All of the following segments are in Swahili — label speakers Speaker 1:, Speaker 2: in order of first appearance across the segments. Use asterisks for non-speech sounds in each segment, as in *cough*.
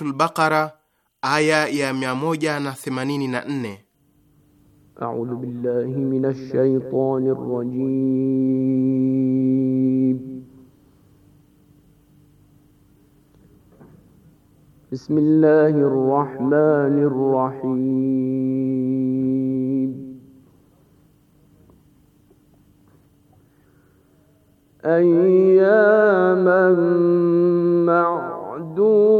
Speaker 1: Suratul Baqara aya ya 184.
Speaker 2: A'udhu billahi minash shaitanir rajim. Bismillahir rahmanir rahim. أياما معدودة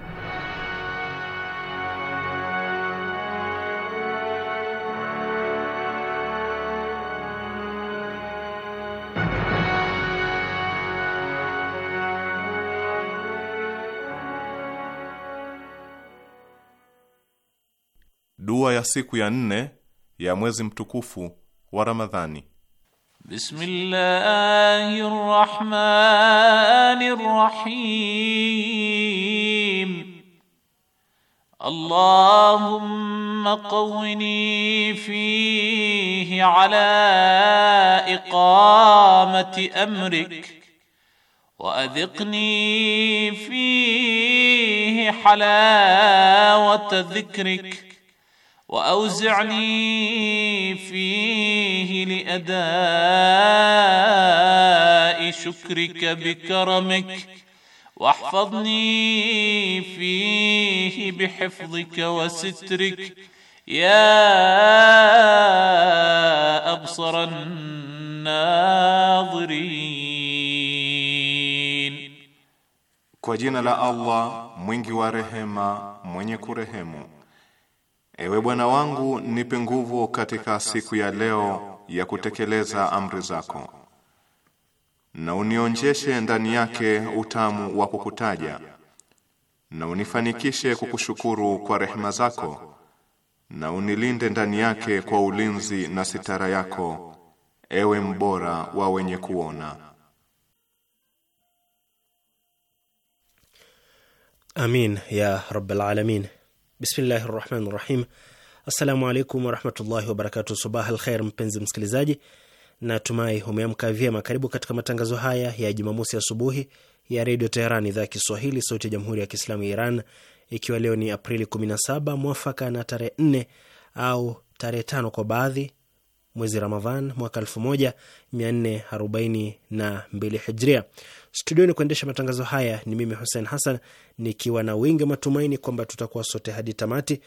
Speaker 1: ya siku ya nne ya mwezi mtukufu wa Ramadhani. Bismillahirrahmanirrahim.
Speaker 3: Allahumma qawwini fihi ala iqamati amrik وأذقني فيه حلاوة ذكرك واوزعني فيه لاداء شكرك بكرمك واحفظني فيه بحفظك وسترك يا ابصر الناظرين
Speaker 4: kwa jina la allah mwingi wa rehema mwenye kurehemu Ewe Bwana wangu, nipe nguvu katika siku ya leo
Speaker 1: ya kutekeleza amri zako, na unionjeshe ndani yake utamu wa kukutaja, na unifanikishe kukushukuru kwa rehema zako, na unilinde ndani yake kwa ulinzi na sitara yako,
Speaker 4: ewe mbora wa wenye kuona. Amin ya rabbil alamin. Bismillahi rahmani rahim. Assalamu alaikum warahmatullahi wabarakatu. Subah al khair, mpenzi msikilizaji, natumai umeamka vyema. Karibu katika matangazo haya ya Jumamosi asubuhi ya redio Teheran, idhaa ya Kiswahili, sauti ya jamhuri ya kiislamu ya Iran, ikiwa leo ni Aprili 17 mwafaka na tarehe 4 au tarehe tano kwa baadhi mwezi Ramadhan mwaka 1442 hijria. Studioni kuendesha matangazo haya ni mimi Hussein Hassan, nikiwa na wingi matumaini kwamba tutakuwa sote hadi tamati,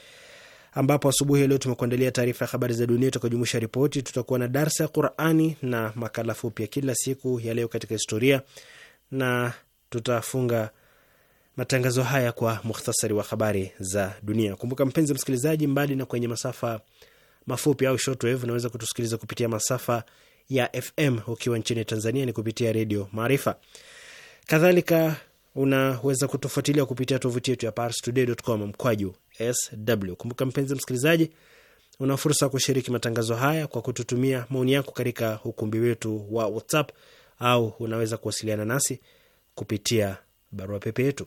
Speaker 4: ambapo asubuhi ya leo tumekuandalia taarifa ya habari za dunia tukajumuisha ripoti, tutakuwa na darsa ya Qurani na makala fupi ya kila siku ya leo katika historia, na tutafunga matangazo haya kwa mukhtasari wa habari za dunia. Kumbuka mpenzi msikilizaji, mbali na kwenye masafa mafupi au shortwave, unaweza kutusikiliza kupitia masafa ya FM ukiwa nchini Tanzania ni kupitia Redio Maarifa. Kadhalika unaweza kutufuatilia kupitia tovuti yetu ya parstoday.com mkwaju sw. Kumbuka mpenzi msikilizaji, una fursa ya kushiriki matangazo haya kwa kututumia maoni yako katika ukumbi wetu wa WhatsApp au unaweza kuwasiliana nasi kupitia barua pepe yetu.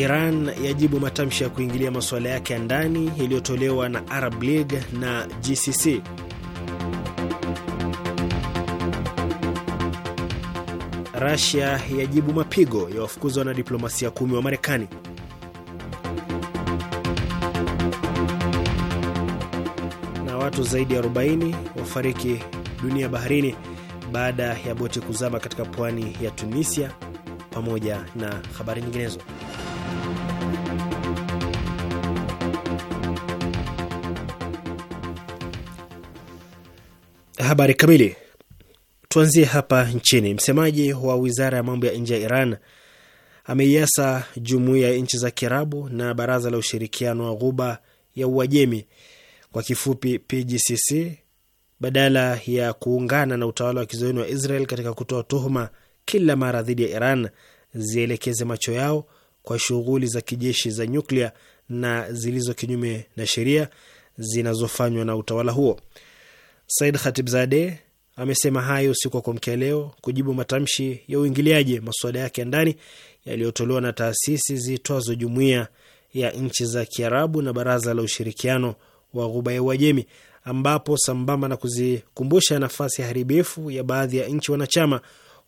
Speaker 4: Iran yajibu matamshi ya kuingilia masuala yake ya ndani yaliyotolewa na Arab League na GCC. Rasia yajibu mapigo ya wafukuzi wanadiplomasia kumi wa Marekani. Na watu zaidi ya 40 wafariki dunia baharini baada ya boti kuzama katika pwani ya Tunisia, pamoja na habari nyinginezo. Habari kamili. Tuanzie hapa nchini. Msemaji wa wizara ya mambo ya nje ya Iran ameiasa jumuiya ya nchi za Kiarabu na baraza la ushirikiano wa Ghuba ya Uajemi, kwa kifupi PGCC, badala ya kuungana na utawala wa kizayuni wa Israel katika kutoa tuhuma kila mara dhidi ya Iran, zielekeze macho yao kwa shughuli za kijeshi za nyuklia na zilizo kinyume na sheria zinazofanywa na utawala huo. Said Khatibzadeh amesema hayo usiku wa kuamkia leo kujibu matamshi ya uingiliaji masuala yake ndani yaliyotolewa na taasisi zitwazo Jumuiya ya Nchi za Kiarabu na Baraza la Ushirikiano wa Ghuba ya Uajemi, ambapo sambamba na kuzikumbusha nafasi haribifu ya baadhi ya nchi wanachama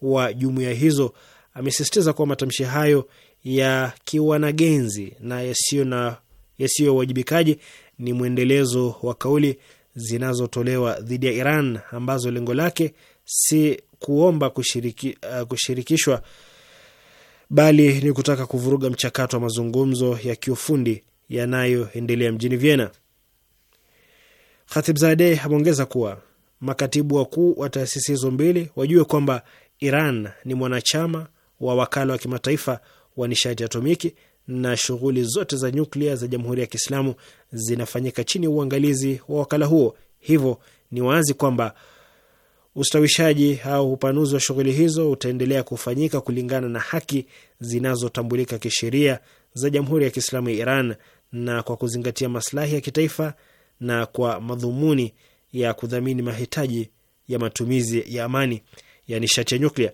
Speaker 4: wa jumuiya hizo, amesisitiza kuwa matamshi hayo ya kiwanagenzi na yasiyo na yasiyo wajibikaji ni mwendelezo wa kauli zinazotolewa dhidi ya Iran ambazo lengo lake si kuomba kushiriki, uh, kushirikishwa bali ni kutaka kuvuruga mchakato wa mazungumzo ya kiufundi yanayoendelea mjini Vienna. Khatibzadeh ameongeza kuwa makatibu wakuu wa taasisi hizo mbili wajue kwamba Iran ni mwanachama wa wakala wa kimataifa wa nishati atomiki na shughuli zote za nyuklia za Jamhuri ya Kiislamu zinafanyika chini ya uangalizi wa wakala huo. Hivyo ni wazi kwamba ustawishaji au upanuzi wa shughuli hizo utaendelea kufanyika kulingana na haki zinazotambulika kisheria za Jamhuri ya Kiislamu ya Iran na kwa kuzingatia maslahi ya kitaifa na kwa madhumuni ya kudhamini mahitaji ya matumizi ya amani ya nishati ya nyuklia.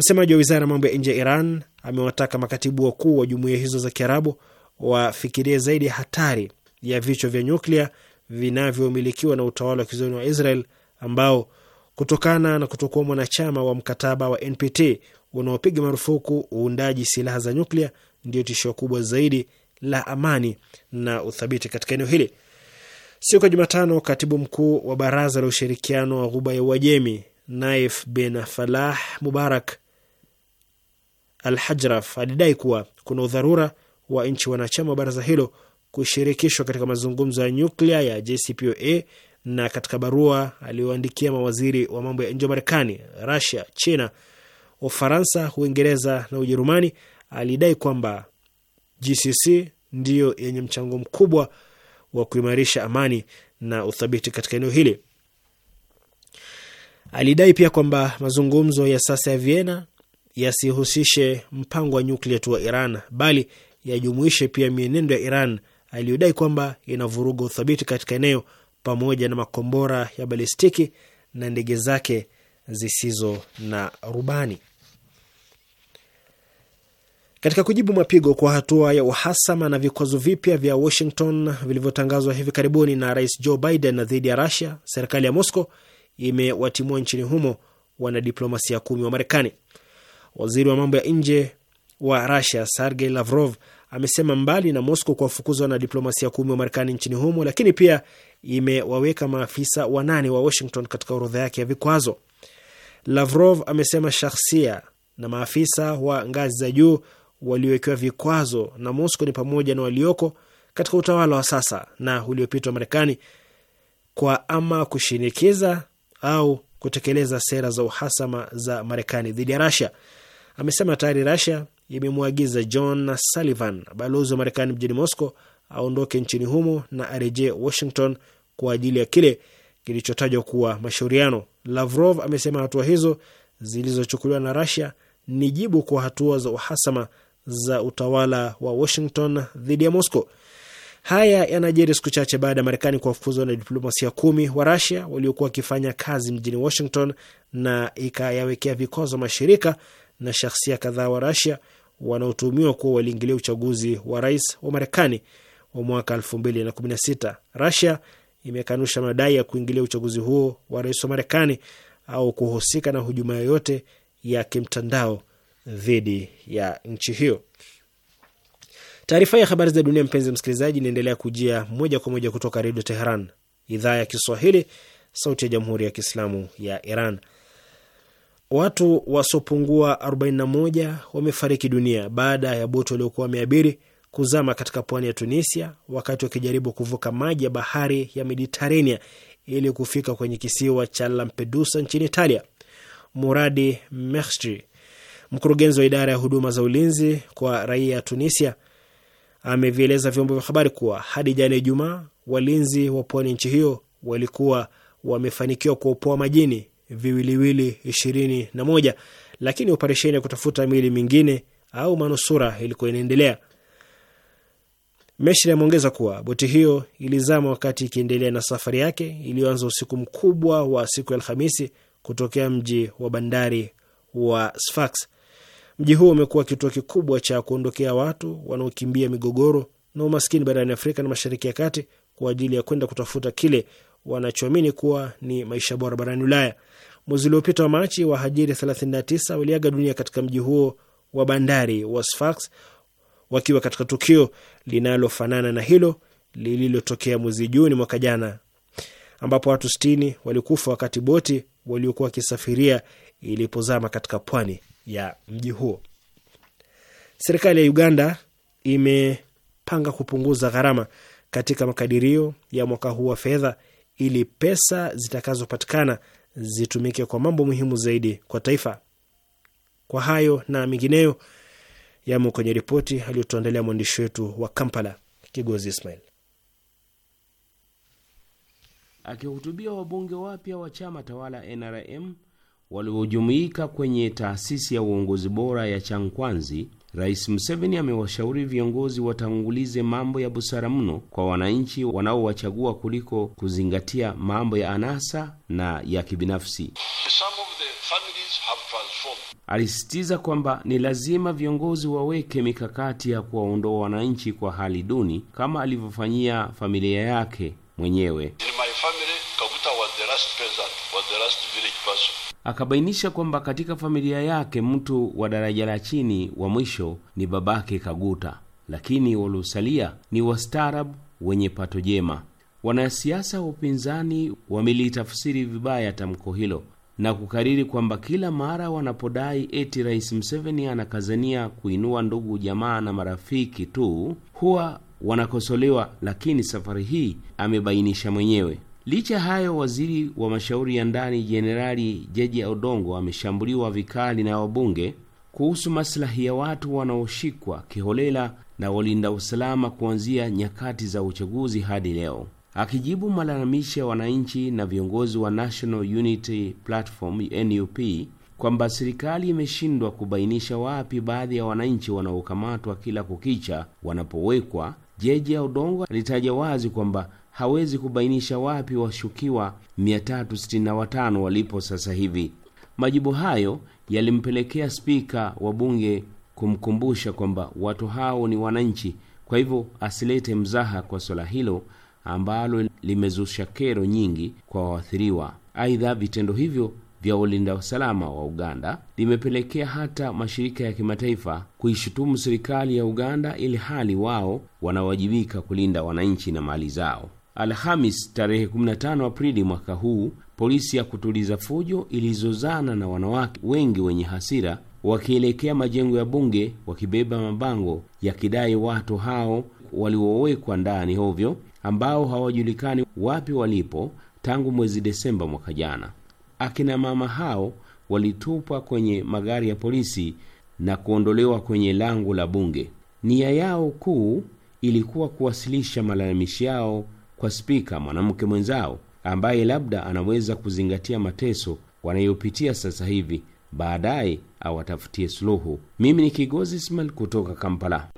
Speaker 4: Msemaji wa wizara ya mambo ya nje ya Iran amewataka makatibu wakuu wa jumuiya hizo za Kiarabu wafikirie zaidi hatari ya vichwa vya nyuklia vinavyomilikiwa na utawala wa kizoni wa Israel ambao kutokana na kutokuwa mwanachama wa mkataba wa NPT unaopiga marufuku uundaji silaha za nyuklia ndio tishio kubwa zaidi la amani na uthabiti katika eneo hili. Siku ya Jumatano, katibu mkuu wa baraza la ushirikiano wa ghuba ya Uajemi Naif bin Falah Mubarak Al-Hajraf alidai kuwa kuna udharura wa nchi wanachama wa baraza hilo kushirikishwa katika mazungumzo ya nyuklia ya JCPOA na katika barua aliyoandikia mawaziri wa mambo ya nje wa Marekani, rasia China, Ufaransa, Uingereza na Ujerumani alidai kwamba GCC ndiyo yenye mchango mkubwa wa kuimarisha amani na uthabiti katika eneo hili. Alidai pia kwamba mazungumzo ya sasa ya Vienna yasihusishe mpango wa nyuklia tu wa Iran bali yajumuishe pia mienendo ya Iran aliyodai kwamba inavuruga uthabiti katika eneo pamoja na makombora ya balistiki na ndege zake zisizo na rubani. Katika kujibu mapigo kwa hatua ya uhasama na vikwazo vipya vya Washington vilivyotangazwa hivi karibuni na Rais Joe Biden dhidi ya Russia, serikali ya Moscow imewatimua nchini humo wanadiplomasia kumi wa Marekani. Waziri wa mambo ya nje wa Rusia Sergey Lavrov amesema mbali na Moscow kuwafukuzwa na diplomasia kumi wa Marekani nchini humo, lakini pia imewaweka maafisa wanane wa Washington katika orodha yake ya vikwazo. Lavrov amesema shahsia na maafisa wa ngazi za juu waliowekewa vikwazo na Moscow ni pamoja na walioko katika utawala wa sasa na uliopita wa Marekani kwa ama kushinikiza au kutekeleza sera za uhasama za Marekani dhidi ya Russia amesema tayari Rasia imemwagiza John Sullivan, balozi wa Marekani mjini Moscow, aondoke nchini humo na arejee Washington kwa ajili ya kile kilichotajwa kuwa mashauriano. Lavrov amesema hatua hizo zilizochukuliwa na Rasia ni jibu kwa hatua za uhasama za utawala wa Washington dhidi ya Moscow. Haya yanajiri siku chache baada ya Marekani kuwafukuza wanadiplomasia kumi wa Rasia waliokuwa wakifanya kazi mjini Washington na ikayawekea vikwazo mashirika na shahsia kadhaa wa Rasia wanaotumiwa kuwa waliingilia uchaguzi wa rais wa Marekani wa mwaka sita. Rasia imekanusha madai ya kuingilia uchaguzi huo wa rais wa Marekani au kuhusika na hujuma yoyote ya kimtandao dhidi ya nchi hiyo. Taarifa ya habari za dunia, mpenzi msikilizaji, inaendelea kujia moja kwa moja kutoka Redio Teheran, idhaa ya Kiswahili, sauti ya jamhuri ya kiislamu ya Iran. Watu wasiopungua 41 wamefariki dunia baada ya boti waliokuwa wameabiri kuzama katika pwani ya Tunisia wakati wakijaribu kuvuka maji ya bahari ya Mediterania ili kufika kwenye kisiwa cha Lampedusa nchini Italia. Muradi Mestri, mkurugenzi wa idara ya huduma za ulinzi kwa raia ya Tunisia, amevieleza vyombo vya habari kuwa hadi jana Ijumaa, walinzi wa pwani nchi hiyo walikuwa wamefanikiwa kuopoa majini viwiliwili ishirini na moja, lakini operesheni ya kutafuta mili mingine au manusura ilikuwa inaendelea. Meshri ameongeza kuwa boti hiyo ilizama wakati ikiendelea na safari yake iliyoanza usiku mkubwa wa siku ya Alhamisi kutokea mji wa bandari wa Sfax. Mji huo umekuwa kituo kikubwa cha kuondokea watu wanaokimbia migogoro na umaskini barani Afrika na Mashariki ya Kati kwa ajili ya kwenda kutafuta kile wanachoamini kuwa ni maisha bora barani Ulaya. Mwezi uliopita wa Machi, wahajiri 39 waliaga dunia katika mji huo wa bandari wa Sfax wakiwa katika tukio linalofanana na hilo lililotokea mwezi Juni mwaka jana, ambapo watu 60 walikufa wakati boti waliokuwa wakisafiria ilipozama katika pwani ya mji huo. Serikali ya Uganda imepanga kupunguza gharama katika makadirio ya mwaka huu wa fedha ili pesa zitakazopatikana zitumike kwa mambo muhimu zaidi kwa taifa. Kwa hayo na mengineyo yamo kwenye ripoti aliyotuandalia mwandishi wetu wa Kampala, Kigozi Ismail.
Speaker 1: Akihutubia wabunge wapya wa chama tawala NRM waliojumuika kwenye taasisi ya uongozi bora ya Changkwanzi, Rais Museveni amewashauri viongozi watangulize mambo ya busara mno kwa wananchi wanaowachagua kuliko kuzingatia mambo ya anasa na ya kibinafsi. Alisisitiza kwamba ni lazima viongozi waweke mikakati ya kuwaondoa wananchi kwa hali duni kama alivyofanyia familia yake mwenyewe. In my family, Akabainisha kwamba katika familia yake mtu wa daraja la chini wa mwisho ni babake Kaguta, lakini waliosalia ni wastaarabu wenye pato jema. Wanasiasa wa upinzani wamelitafsiri vibaya tamko hilo na kukariri kwamba kila mara wanapodai eti Rais Museveni anakazania kuinua ndugu jamaa na marafiki tu huwa wanakosolewa, lakini safari hii amebainisha mwenyewe Licha ya hayo, waziri wa mashauri ya ndani Jenerali Jeje Odongo ameshambuliwa vikali na wabunge kuhusu maslahi ya watu wanaoshikwa kiholela na walinda usalama kuanzia nyakati za uchaguzi hadi leo. Akijibu malalamishi ya wananchi na viongozi wa National Unity Platform NUP kwamba serikali imeshindwa kubainisha wapi baadhi ya wananchi wanaokamatwa kila kukicha wanapowekwa, Jeje Odongo alitaja wazi kwamba hawezi kubainisha wapi washukiwa 365 walipo sasa hivi. Majibu hayo yalimpelekea spika wa bunge kumkumbusha kwamba watu hao ni wananchi, kwa hivyo asilete mzaha kwa swala hilo ambalo limezusha kero nyingi kwa waathiriwa. Aidha, vitendo hivyo vya ulinda usalama wa Uganda limepelekea hata mashirika ya kimataifa kuishutumu serikali ya Uganda ili hali wao wanawajibika kulinda wananchi na mali zao. Alhamis tarehe 15 Aprili mwaka huu, polisi ya kutuliza fujo ilizozana na wanawake wengi wenye hasira wakielekea majengo ya bunge wakibeba mabango yakidai watu hao waliowekwa ndani hovyo ambao hawajulikani wapi walipo tangu mwezi Desemba mwaka jana. Akina mama hao walitupwa kwenye magari ya polisi na kuondolewa kwenye lango la bunge. Nia yao kuu ilikuwa kuwasilisha malalamishi yao kwa spika mwanamke mwenzao ambaye labda anaweza kuzingatia mateso wanayopitia sasa hivi, baadaye awatafutie suluhu. Mimi ni Kigozi Ismail kutoka Kampala.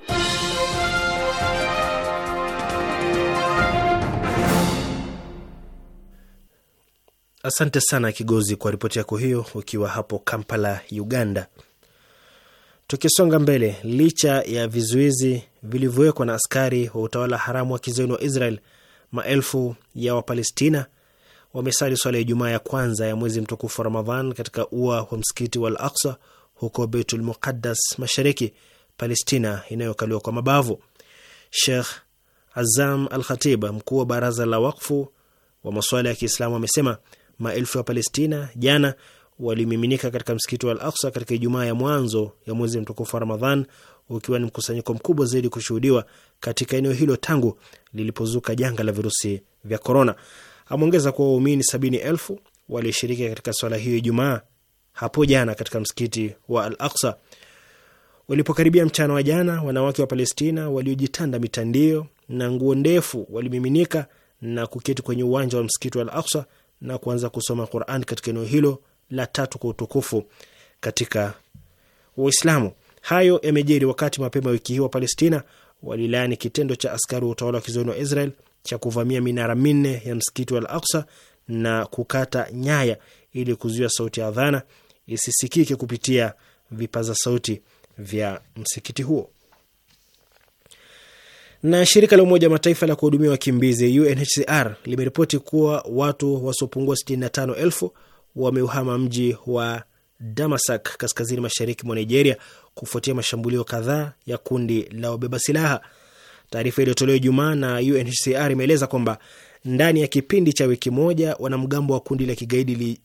Speaker 4: Asante sana Kigozi kwa ripoti yako hiyo, ukiwa hapo Kampala, Uganda. Tukisonga mbele, licha ya vizuizi vilivyowekwa na askari wa utawala haramu wa kizayuni wa Israel maelfu ya Wapalestina wamesali swala ya Ijumaa ya kwanza ya mwezi mtukufu wa Ramadhan katika ua wa msikiti wa Al Aksa huko Beitul Muqaddas, mashariki Palestina inayokaliwa kwa mabavu. Sheikh Azam Al Khatib, mkuu wa baraza la wakfu wa masuala ya Kiislamu, amesema maelfu ya Palestina jana walimiminika katika msikiti wa Al Aksa katika Ijumaa ya mwanzo ya mwezi mtukufu wa Ramadhan, ukiwa ni mkusanyiko mkubwa zaidi kushuhudiwa katika eneo hilo tangu lilipozuka janga la virusi vya korona. Ameongeza kuwa waumini sabini elfu walishiriki katika swala hiyo Ijumaa hapo jana katika msikiti wa Al Aksa. Walipokaribia mchana wa jana, wanawake wa Palestina waliojitanda mitandio na nguo ndefu walimiminika na kuketi kwenye uwanja wa msikiti wa Al Aksa na kuanza kusoma Quran katika eneo hilo la tatu kwa utukufu katika Uislamu. Hayo yamejiri wakati mapema wiki hii wa Palestina walilaani kitendo cha askari wa utawala wa kizoni wa Israel cha kuvamia minara minne ya msikiti wa Al Aksa na kukata nyaya ili kuzuia sauti ya adhana isisikike kupitia vipaza sauti vya msikiti huo. Na shirika la Umoja wa Mataifa la kuhudumia wakimbizi UNHCR limeripoti kuwa watu wasiopungua 65,000 wameuhama mji wa Damasak, kaskazini mashariki mwa Nigeria, kufuatia mashambulio kadhaa ya kundi la wabeba silaha. Taarifa iliyotolewa Ijumaa na UNHCR imeeleza kwamba ndani ya kipindi cha wiki moja wanamgambo wa kundi la kigaidi li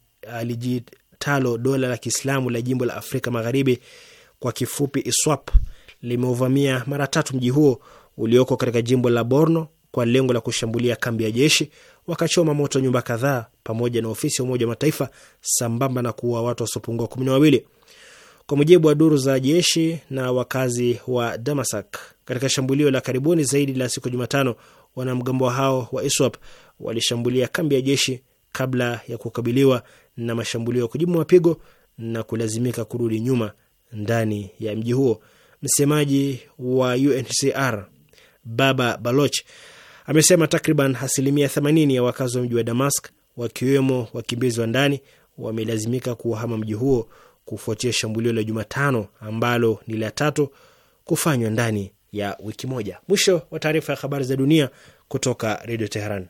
Speaker 4: uh, dola la Kiislamu la jimbo la Afrika Magharibi, kwa kifupi ISWAP, limeuvamia mara tatu mji huo ulioko katika jimbo la Borno kwa lengo la kushambulia kambi ya jeshi, wakachoma moto nyumba kadhaa pamoja na ofisi ya Umoja wa Mataifa sambamba na kuua watu wasiopungua kumi na wawili kwa mujibu wa duru za jeshi na wakazi wa Damasak. Katika shambulio la karibuni zaidi la siku Jumatano, wanamgambo hao wa ISWAP walishambulia kambi ya jeshi kabla ya kukabiliwa na mashambulio ya kujibu mapigo na kulazimika kurudi nyuma ndani ya mji huo. Msemaji wa UNHCR Baba Baloch amesema takriban asilimia 80 ya wakazi wa mji wa Damask, wakiwemo wakimbizi wa ndani, wamelazimika kuuhama mji huo kufuatia shambulio la Jumatano ambalo ni la tatu kufanywa ndani ya wiki moja. Mwisho wa taarifa ya habari za dunia kutoka Redio Teheran.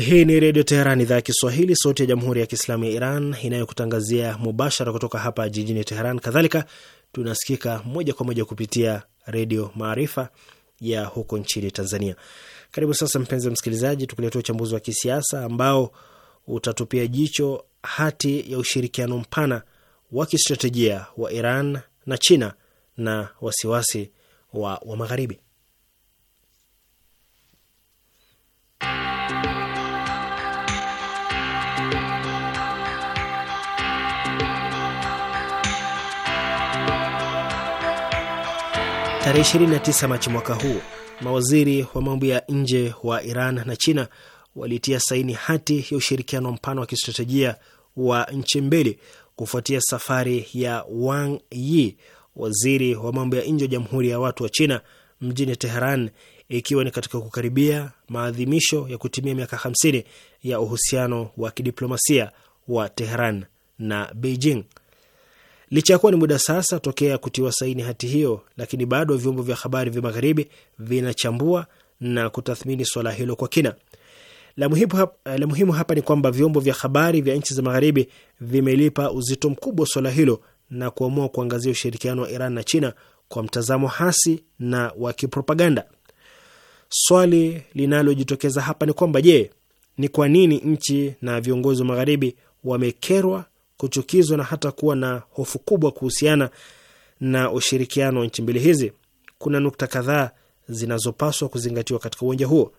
Speaker 4: Hii ni Redio Teheran, idhaa ya Kiswahili, sauti ya Jamhuri ya Kiislamu ya Iran inayokutangazia mubashara kutoka hapa jijini Teheran. Kadhalika tunasikika moja kwa moja kupitia Redio Maarifa ya huko nchini Tanzania. Karibu sasa, mpenzi msikilizaji, tukuletea uchambuzi wa kisiasa ambao utatupia jicho hati ya ushirikiano mpana wa kistratejia wa Iran na China na wasiwasi wa, wa Magharibi. Tarehe 29 Machi mwaka huu mawaziri wa mambo ya nje wa Iran na China walitia saini hati ya ushirikiano mpana wa kistratejia wa nchi mbili kufuatia safari ya Wang Yi, waziri wa mambo ya nje wa Jamhuri ya Watu wa China, mjini Teheran, ikiwa ni katika kukaribia maadhimisho ya kutimia miaka 50 ya uhusiano wa kidiplomasia wa Teheran na Beijing. Licha ya kuwa ni muda sasa tokea kutiwa saini hati hiyo, lakini bado vyombo vya habari vya magharibi vinachambua na kutathmini swala hilo kwa kina. La muhimu hapa, eh, la muhimu hapa ni kwamba vyombo vya habari vya nchi za magharibi vimelipa uzito mkubwa swala hilo na kuamua kuangazia ushirikiano wa Iran na China kwa mtazamo hasi na wa kipropaganda. Swali linalojitokeza hapa ni kwamba je, ni kwa nini nchi na viongozi wa magharibi wamekerwa kuchukizwa na hata kuwa na hofu kubwa kuhusiana na ushirikiano wa nchi mbili hizi. Kuna nukta kadhaa zinazopaswa kuzingatiwa katika uwanja huo.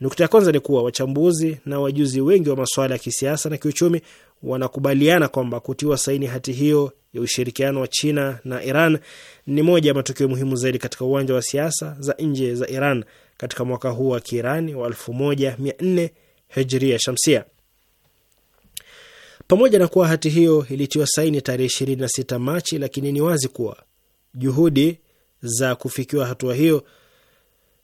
Speaker 4: Nukta ya kwanza ni kuwa wachambuzi na wajuzi wengi wa masuala ya kisiasa na kiuchumi wanakubaliana kwamba kutiwa saini hati hiyo ya ushirikiano wa China na Iran ni moja ya matukio muhimu zaidi katika uwanja wa siasa za nje za Iran katika mwaka huu wa Kiirani wa 1400 Hijria Shamsia. Pamoja na kuwa hati hiyo ilitiwa saini tarehe 26 Machi, lakini ni wazi kuwa juhudi za kufikiwa hatua hiyo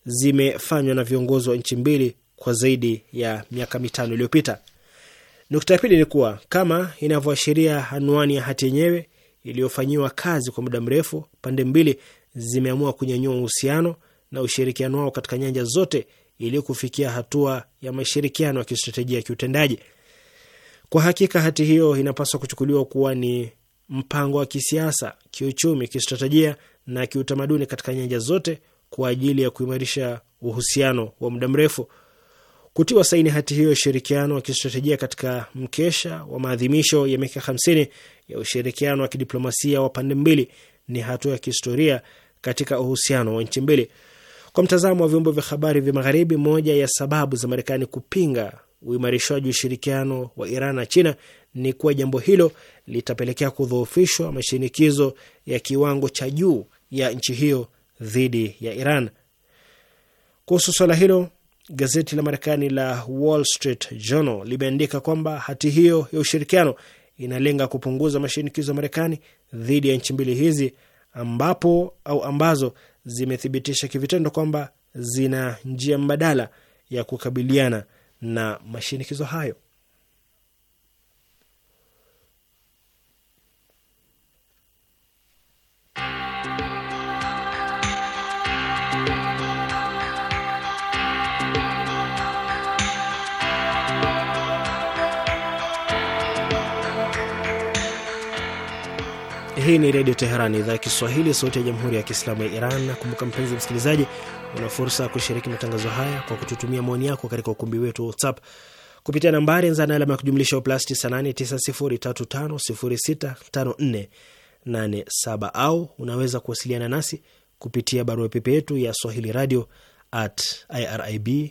Speaker 4: zimefanywa na viongozi wa nchi mbili kwa zaidi ya miaka mitano iliyopita. Nukta ya pili ni kuwa kama inavyoashiria anwani ya hati yenyewe iliyofanyiwa kazi kwa muda mrefu, pande mbili zimeamua kunyanyua uhusiano na ushirikiano wao katika nyanja zote ili kufikia hatua ya mashirikiano ya kistratejia ya kiutendaji. Kwa hakika hati hiyo inapaswa kuchukuliwa kuwa ni mpango wa kisiasa, kiuchumi, kistratejia na kiutamaduni katika nyanja zote kwa ajili ya kuimarisha uhusiano wa muda mrefu. Kutiwa saini hati hiyo ya ushirikiano wa kistratejia katika mkesha wa maadhimisho ya miaka hamsini ya ushirikiano wa kidiplomasia wa pande mbili ni hatua ya kihistoria katika uhusiano wa nchi mbili. Kwa mtazamo wa vyombo vya habari vya Magharibi, moja ya sababu za Marekani kupinga uimarishaji wa ushirikiano wa Iran na China ni kuwa jambo hilo litapelekea kudhoofishwa mashinikizo ya kiwango cha juu ya nchi hiyo dhidi ya Iran. Kuhusu swala hilo, gazeti la Marekani la Wall Street Journal limeandika kwamba hati hiyo ya ushirikiano inalenga kupunguza mashinikizo ya Marekani dhidi ya nchi mbili hizi ambapo au ambazo zimethibitisha kivitendo kwamba zina njia mbadala ya kukabiliana na mashinikizo hayo. Hii ni Redio Teherani, idhaa ya Kiswahili, sauti ya Jamhuri ya Kiislamu ya Iran. Nakumbuka mpenzi msikilizaji Una fursa ya kushiriki matangazo haya kwa kututumia maoni yako katika ukumbi wetu wa WhatsApp kupitia nambari nza na alama ya kujumlisha plus 989035065487 au unaweza kuwasiliana nasi kupitia barua pepe yetu ya swahili radio at irib ir.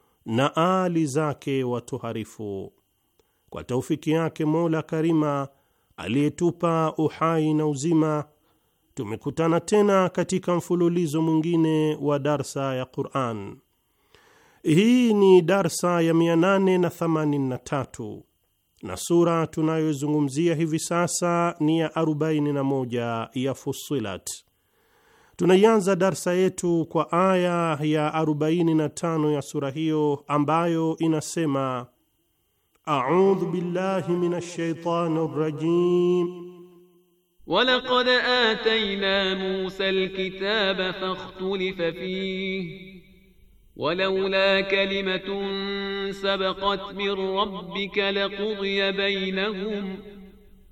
Speaker 5: na aali zake watoharifu. Kwa taufiki yake Mola Karima aliyetupa uhai na uzima, tumekutana tena katika mfululizo mwingine wa darsa ya Quran. Hii ni darsa ya 883 na sura tunayozungumzia hivi sasa ni ya 41 ya Fussilat. Tunaianza darsa yetu kwa aya ya 45 ya sura hiyo ambayo inasema: audhu billahi minash shaitani rajim walaqad atayna Musa
Speaker 3: alkitaba fakhtulifa fihi walaula kalimatun sabaqat min rabbika laqudiya bainahum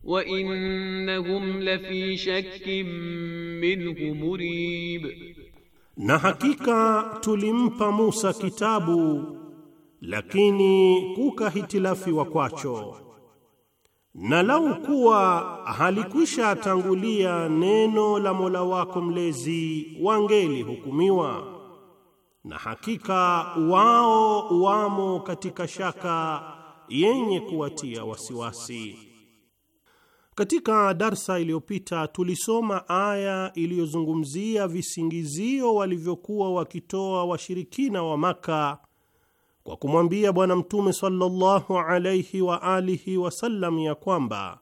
Speaker 3: wa innahum lafi shakkin minhu
Speaker 5: murib, na hakika tulimpa Musa kitabu lakini kukahitilafiwa kwacho, na lau kuwa halikwisha tangulia neno la Mola wako mlezi wangelihukumiwa na hakika wao wamo katika shaka yenye kuwatia wasiwasi. Katika darsa iliyopita tulisoma aya iliyozungumzia visingizio walivyokuwa wakitoa washirikina wa Maka kwa kumwambia Bwana Mtume sallallahu alaihi wa alihi wasallam ya kwamba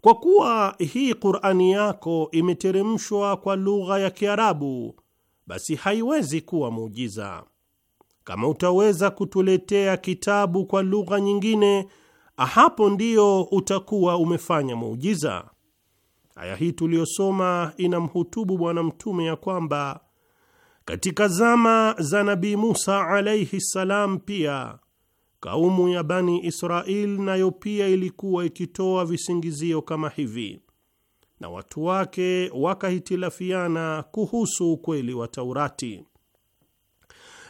Speaker 5: kwa kuwa hii Qur'ani yako imeteremshwa kwa lugha ya Kiarabu, basi haiwezi kuwa muujiza. Kama utaweza kutuletea kitabu kwa lugha nyingine hapo ndio utakuwa umefanya muujiza. Aya hii tuliyosoma inamhutubu Bwana Mtume ya kwamba katika zama za Nabii Musa alaihi ssalam, pia kaumu ya Bani israel nayo pia ilikuwa ikitoa visingizio kama hivi, na watu wake wakahitilafiana kuhusu ukweli wa Taurati.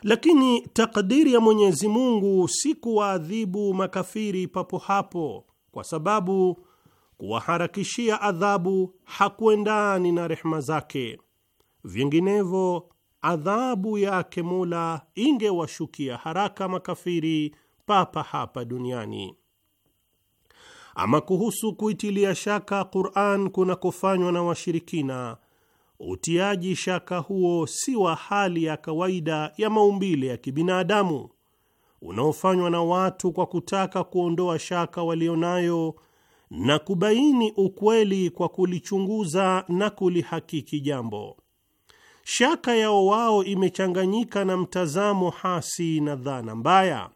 Speaker 5: Lakini takdiri ya Mwenyezi Mungu si kuwaadhibu makafiri papo hapo, kwa sababu kuwaharakishia adhabu hakuendani na rehma zake. Vinginevyo adhabu yake Mola ingewashukia haraka makafiri papa hapa duniani. Ama kuhusu kuitilia shaka Qur'an kunakofanywa na washirikina utiaji shaka huo si wa hali ya kawaida ya maumbile ya kibinadamu unaofanywa na watu kwa kutaka kuondoa shaka walionayo na kubaini ukweli kwa kulichunguza na kulihakiki jambo. Shaka yao wao imechanganyika na mtazamo hasi na dhana mbaya.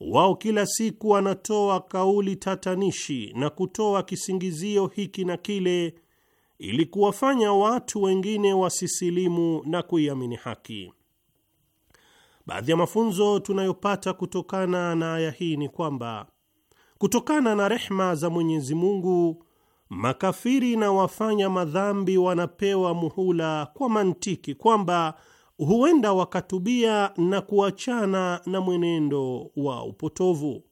Speaker 5: Wao kila siku wanatoa kauli tatanishi na kutoa kisingizio hiki na kile ili kuwafanya watu wengine wasisilimu na kuiamini haki. Baadhi ya mafunzo tunayopata kutokana na aya hii ni kwamba kutokana na rehma za Mwenyezi Mungu, makafiri na wafanya madhambi wanapewa muhula kwa mantiki kwamba huenda wakatubia na kuachana na mwenendo wa upotovu.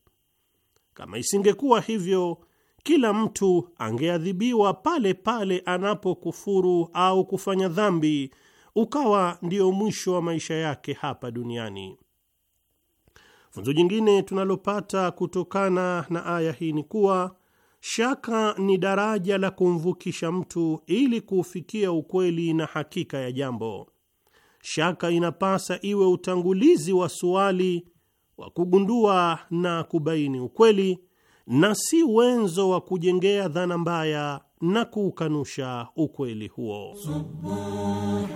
Speaker 5: Kama isingekuwa hivyo kila mtu angeadhibiwa pale pale anapokufuru au kufanya dhambi, ukawa ndio mwisho wa maisha yake hapa duniani. Funzo jingine tunalopata kutokana na aya hii ni kuwa shaka ni daraja la kumvukisha mtu ili kuufikia ukweli na hakika ya jambo. Shaka inapasa iwe utangulizi wa suali wa kugundua na kubaini ukweli na si wenzo wa kujengea dhana mbaya na kuukanusha ukweli huo.
Speaker 6: Subuhul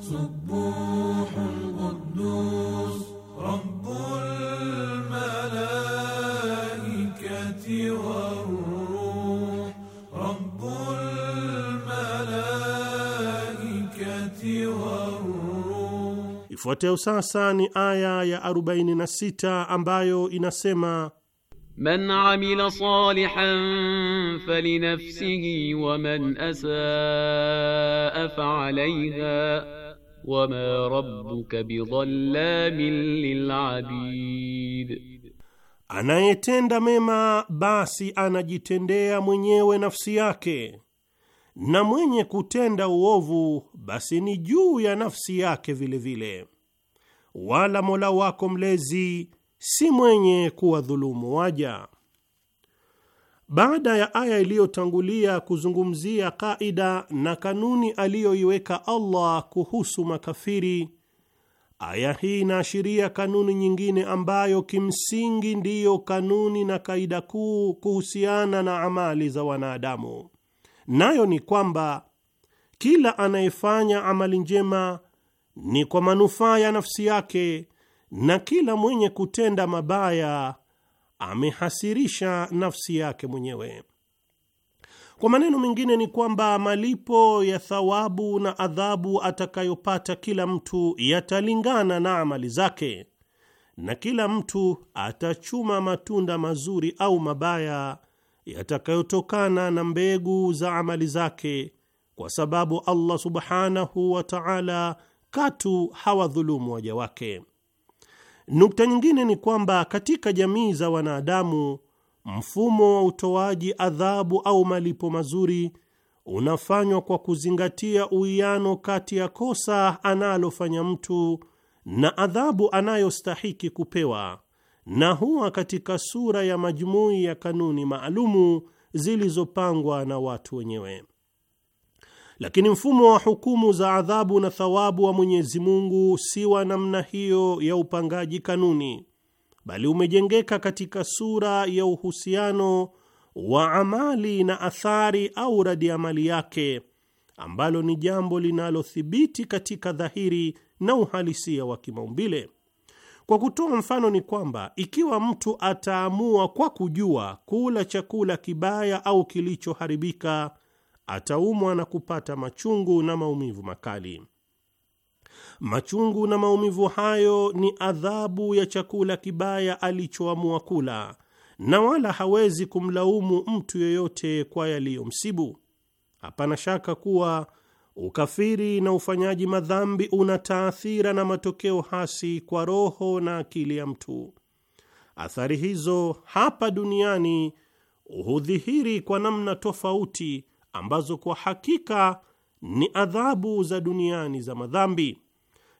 Speaker 6: Subuhul
Speaker 5: Ifuatayo sasa ni aya ya 46 ambayo inasema Man
Speaker 3: amila salihan falinafsihi wa man asaa wa ma rabbuka
Speaker 5: bidhallamin lilabid, anayetenda mema basi anajitendea mwenyewe nafsi yake na mwenye kutenda uovu basi ni juu ya nafsi yake vilevile vile. Wala Mola wako mlezi si mwenye kuwadhulumu waja. Baada ya aya iliyotangulia kuzungumzia kaida na kanuni aliyoiweka Allah kuhusu makafiri, aya hii inaashiria kanuni nyingine ambayo kimsingi ndiyo kanuni na kaida kuu kuhusiana na amali za wanadamu nayo ni kwamba kila anayefanya amali njema ni kwa manufaa ya nafsi yake na kila mwenye kutenda mabaya amehasirisha nafsi yake mwenyewe. Kwa maneno mengine ni kwamba malipo ya thawabu na adhabu atakayopata kila mtu yatalingana na amali zake, na kila mtu atachuma matunda mazuri au mabaya yatakayotokana na mbegu za amali zake, kwa sababu Allah subhanahu wa ta'ala katu hawadhulumu waja wake. Nukta nyingine ni kwamba katika jamii za wanadamu mfumo wa utoaji adhabu au malipo mazuri unafanywa kwa kuzingatia uwiano kati ya kosa analofanya mtu na adhabu anayostahiki kupewa na huwa katika sura ya majumui ya kanuni maalumu zilizopangwa na watu wenyewe. Lakini mfumo wa hukumu za adhabu na thawabu wa Mwenyezi Mungu si wa namna hiyo ya upangaji kanuni, bali umejengeka katika sura ya uhusiano wa amali na athari au radi amali yake, ambalo ni jambo linalothibiti katika dhahiri na uhalisia wa kimaumbile. Kwa kutoa mfano ni kwamba ikiwa mtu ataamua kwa kujua kula chakula kibaya au kilichoharibika, ataumwa na kupata machungu na maumivu makali. Machungu na maumivu hayo ni adhabu ya chakula kibaya alichoamua kula, na wala hawezi kumlaumu mtu yeyote kwa yaliyomsibu. Hapana shaka kuwa Ukafiri na ufanyaji madhambi una taathira na matokeo hasi kwa roho na akili ya mtu. Athari hizo hapa duniani hudhihiri kwa namna tofauti, ambazo kwa hakika ni adhabu za duniani za madhambi,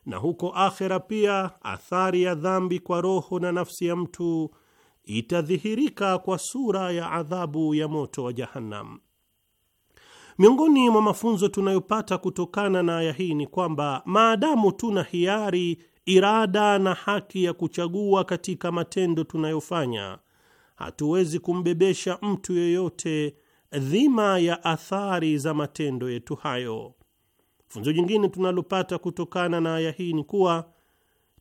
Speaker 5: na huko akhera pia athari ya dhambi kwa roho na nafsi ya mtu itadhihirika kwa sura ya adhabu ya moto wa Jahannam. Miongoni mwa mafunzo tunayopata kutokana na aya hii ni kwamba maadamu tuna hiari, irada na haki ya kuchagua katika matendo tunayofanya, hatuwezi kumbebesha mtu yeyote dhima ya athari za matendo yetu hayo. Funzo jingine tunalopata kutokana na aya hii ni kuwa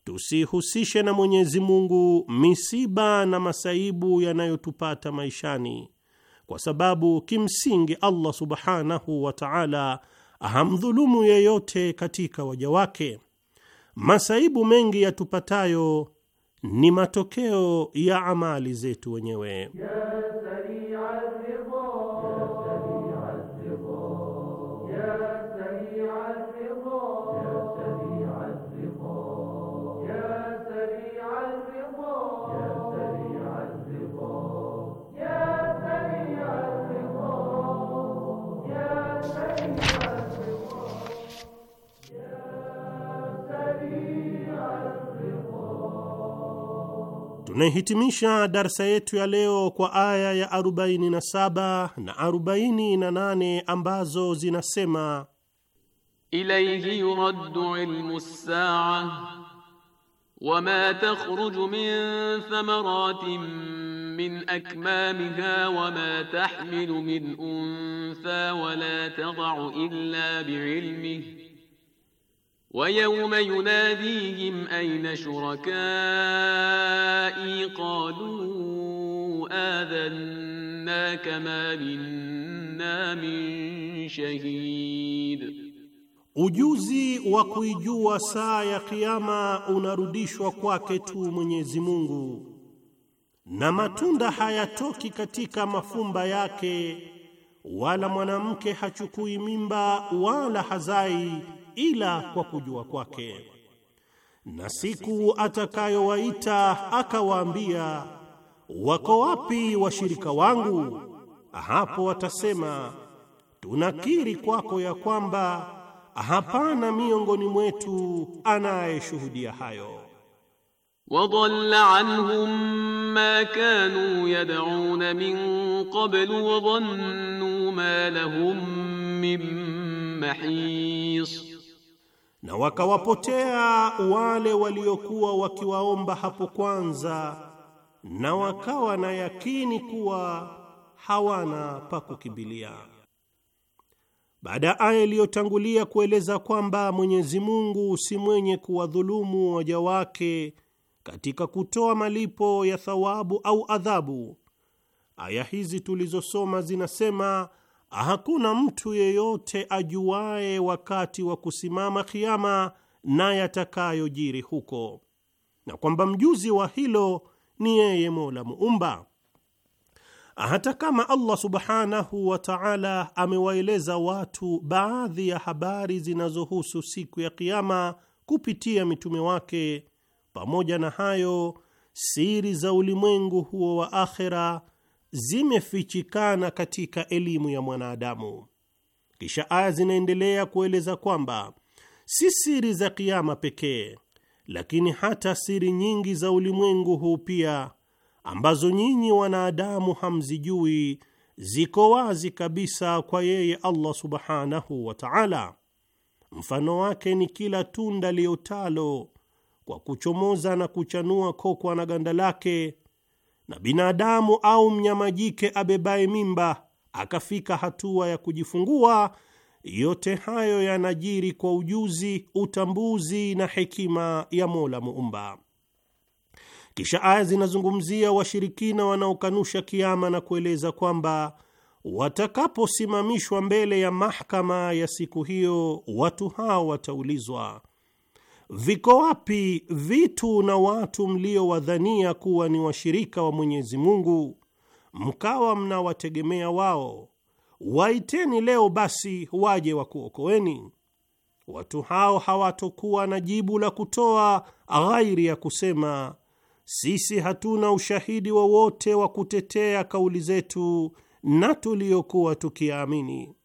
Speaker 5: tusihusishe na Mwenyezi Mungu misiba na masaibu yanayotupata maishani kwa sababu kimsingi Allah subhanahu wa ta'ala hamdhulumu yeyote katika waja wake. Masaibu mengi yatupatayo ni matokeo ya amali zetu wenyewe ya Tunaihitimisha darsa yetu ya leo kwa aya ya 47 na 48 ambazo zinasema
Speaker 3: ilayhi yuraddu ilmu saa wama takhruju min thamaratin min akmamiha wama tahmilu min untha wala tadau illa biilmihi wa yawma yunadihim ayna shurakai qalu adhanna kama minna min shahid
Speaker 5: Ujuzi wa kuijua saa ya kiyama unarudishwa kwake tu Mwenyezi Mungu, na matunda hayatoki katika mafumba yake, wala mwanamke hachukui mimba wala hazai ila kwa kujua kwake, na siku atakayowaita akawaambia, wako wapi washirika wangu? Hapo watasema tunakiri kwako ya kwamba hapana miongoni mwetu anayeshuhudia hayo.
Speaker 3: Wadalla anhum ma kanu yad'un min qabl wa dhannu ma lahum min
Speaker 5: mahis na wakawapotea wale waliokuwa wakiwaomba hapo kwanza, na wakawa na yakini kuwa hawana pa kukimbilia. Baada ya aya iliyotangulia kueleza kwamba Mwenyezi Mungu si mwenye kuwadhulumu waja wake katika kutoa malipo ya thawabu au adhabu, aya hizi tulizosoma zinasema hakuna mtu yeyote ajuaye wakati wa kusimama kiama na yatakayojiri huko, na kwamba mjuzi wa hilo ni yeye Mola Muumba. Hata kama Allah subhanahu wa ta'ala amewaeleza watu baadhi ya habari zinazohusu siku ya kiama kupitia mitume wake, pamoja na hayo siri za ulimwengu huo wa akhera zimefichikana katika elimu ya mwanadamu. Kisha aya zinaendelea kueleza kwamba si siri za kiama pekee, lakini hata siri nyingi za ulimwengu huu pia, ambazo nyinyi wanadamu hamzijui, ziko wazi kabisa kwa yeye Allah subhanahu wa ta'ala. Mfano wake ni kila tunda liotalo kwa kuchomoza na kuchanua kokwa na ganda lake na binadamu au mnyama jike abebaye mimba akafika hatua ya kujifungua, yote hayo yanajiri kwa ujuzi, utambuzi na hekima ya Mola Muumba. Kisha aya zinazungumzia washirikina wanaokanusha kiama na kueleza kwamba watakaposimamishwa mbele ya mahakama ya siku hiyo, watu hao wataulizwa Viko wapi vitu na watu mliowadhania kuwa ni washirika wa Mwenyezi Mungu, mkawa mnawategemea wao? Waiteni leo basi waje wakuokoeni. Watu hao hawatokuwa na jibu la kutoa ghairi ya kusema sisi hatuna ushahidi wowote wa, wa kutetea kauli zetu na tuliyokuwa tukiamini.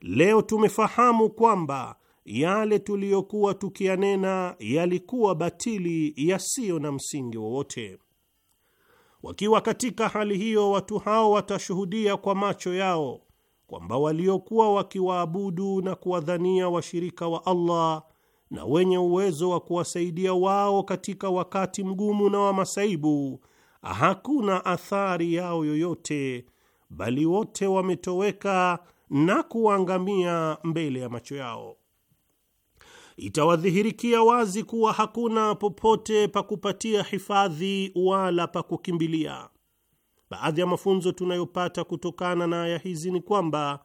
Speaker 5: Leo tumefahamu kwamba yale tuliyokuwa tukiyanena yalikuwa batili yasiyo na msingi wowote. Wakiwa katika hali hiyo, watu hao watashuhudia kwa macho yao kwamba waliokuwa wakiwaabudu na kuwadhania washirika wa Allah na wenye uwezo wa kuwasaidia wao katika wakati mgumu na wa masaibu, hakuna athari yao yoyote, bali wote wametoweka na kuangamia mbele ya macho yao itawadhihirikia wazi kuwa hakuna popote pa kupatia hifadhi wala pa kukimbilia. Baadhi ya mafunzo tunayopata kutokana na aya hizi ni kwamba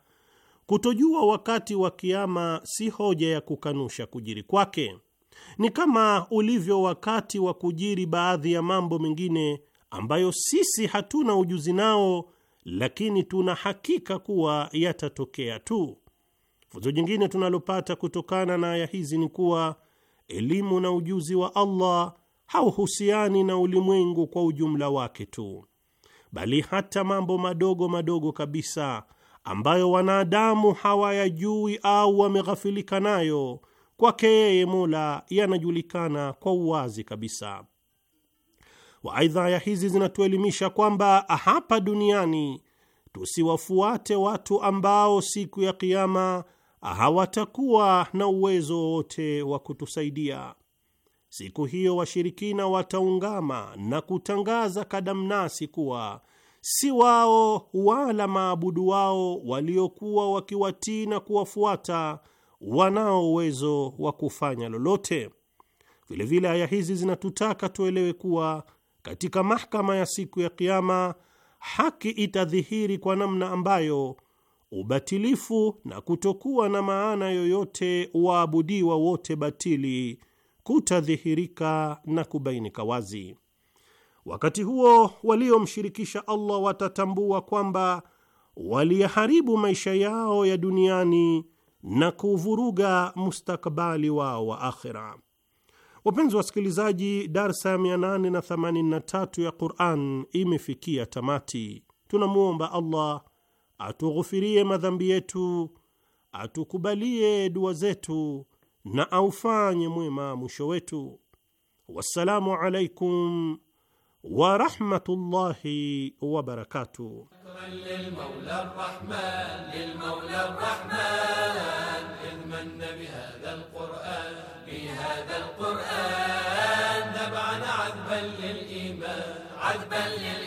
Speaker 5: kutojua wakati wa kiama si hoja ya kukanusha kujiri kwake. Ni kama ulivyo wakati wa kujiri baadhi ya mambo mengine ambayo sisi hatuna ujuzi nao, lakini tuna hakika kuwa yatatokea tu. Funzo jingine tunalopata kutokana na aya hizi ni kuwa elimu na ujuzi wa Allah hauhusiani na ulimwengu kwa ujumla wake tu, bali hata mambo madogo madogo kabisa ambayo wanadamu hawayajui au wameghafilika nayo, kwake yeye Mola yanajulikana kwa uwazi kabisa. Waaidha, aya hizi zinatuelimisha kwamba hapa duniani tusiwafuate watu ambao siku ya Kiama hawatakuwa na uwezo wowote wa kutusaidia. Siku hiyo washirikina wataungama na kutangaza kadamnasi kuwa si wao wala maabudu wao waliokuwa wakiwatii na kuwafuata wanao uwezo wa kufanya lolote. Vilevile aya hizi zinatutaka tuelewe kuwa katika mahakama ya siku ya Kiama haki itadhihiri kwa namna ambayo ubatilifu na kutokuwa na maana yoyote waabudiwa wote batili kutadhihirika na kubainika wazi. Wakati huo waliomshirikisha Allah watatambua kwamba waliyaharibu maisha yao ya duniani na kuvuruga mustakabali wao wa akhira. Wapenzi wasikilizaji, darsa ya 883 ya Quran imefikia tamati. Tunamwomba Allah atughufirie madhambi yetu, atukubalie dua zetu, na aufanye mwema mwisho wetu. Wassalamu alaikum wa wabarakatuh.
Speaker 3: عذبا للإيمان عذبا للإيمان